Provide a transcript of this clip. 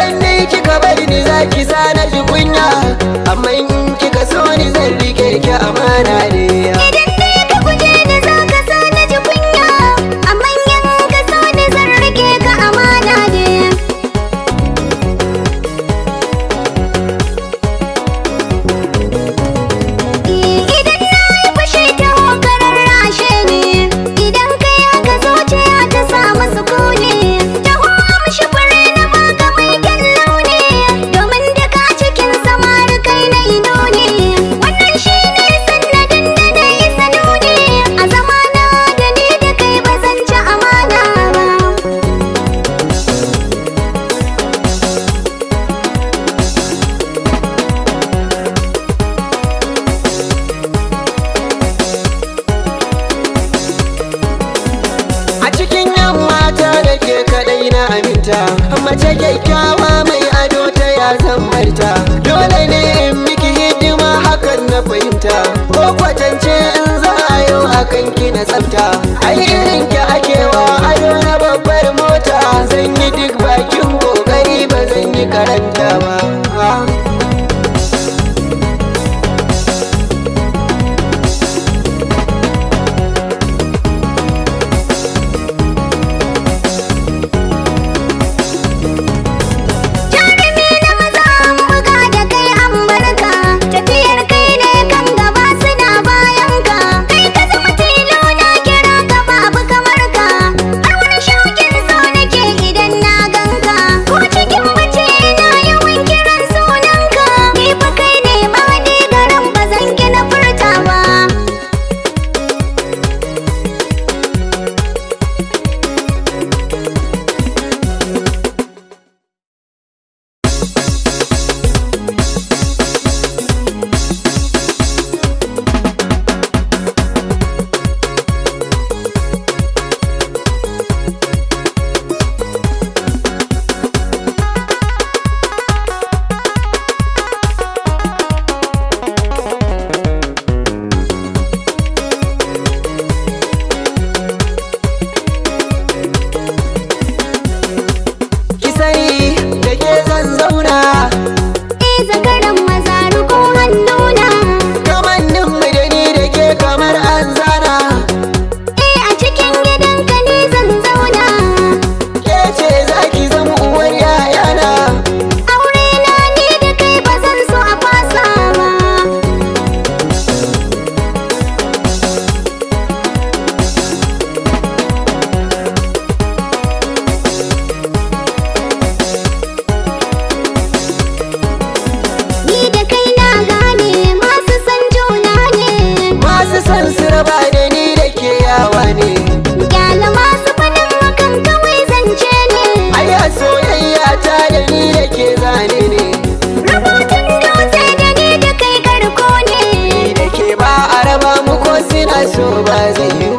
idan dai kika bari ni za ki sa na ji kunya amma in kika so ni zan rike ki amana ne mace kyakkyawa mai ado ta ya zan dole ne in miki hidima hakan na fahimta ko kwatance in za a yau hakan ki na tsafta ai irin ki akewa ado na babbar mota zan yi duk bakin kokari ba zan yi karanta ba so ba zai